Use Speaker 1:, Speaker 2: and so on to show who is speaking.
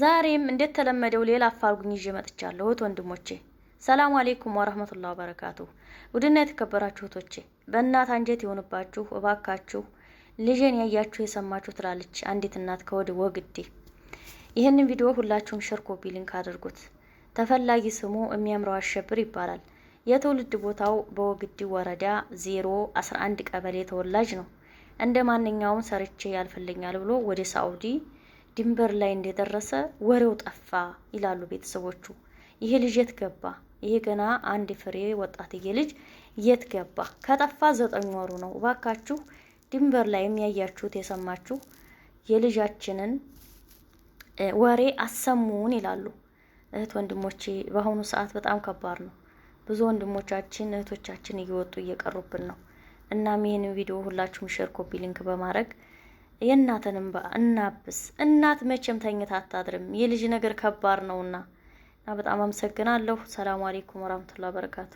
Speaker 1: ዛሬም እንደተለመደው ሌላ አፋልጉኝ ይዤ መጥቻለሁ። እህት ወንድሞቼ፣ ሰላም አሌይኩም ወረህመቱላህ በረካቱ። ውድና የተከበራችሁ እህቶቼ፣ በእናት አንጀት የሆንባችሁ እባካችሁ ልጄን ያያችሁ የሰማችሁ ትላለች አንዲት እናት ከወድ ወግዴ። ይህንን ቪዲዮ ሁላችሁም ሸር፣ ኮፒ ሊንክ አድርጉት። ተፈላጊ ስሙ የሚያምረው አሸብር ይባላል። የትውልድ ቦታው በወግዲ ወረዳ ዜሮ ቀበሌ ተወላጅ ነው። እንደ ማንኛውም ሰርቼ ያልፈልኛል ብሎ ወደ ሳኡዲ ድንበር ላይ እንደደረሰ ወሬው ጠፋ ይላሉ ቤተሰቦቹ። ይሄ ልጅ የት ገባ? ይሄ ገና አንድ ፍሬ ወጣትዬ ልጅ የት ገባ? ከጠፋ ዘጠኝ ወሩ ነው። እባካችሁ ድንበር ላይ የሚያያችሁት የሰማችሁ የልጃችንን ወሬ አሰሙን ይላሉ እህት ወንድሞቼ። በአሁኑ ሰዓት በጣም ከባድ ነው። ብዙ ወንድሞቻችን እህቶቻችን እየወጡ እየቀሩብን ነው። እናም ይህንን ቪዲዮ ሁላችሁም ሼር፣ ኮፒ ሊንክ በማድረግ የእናትን እንባ እናብስ። እናት መቼም ተኝታ አታድርም። የልጅ ነገር ከባድ ነውና እና በጣም አመሰግናለሁ። ሰላም አሌይኩም ወራህመቱላሂ በረካቱ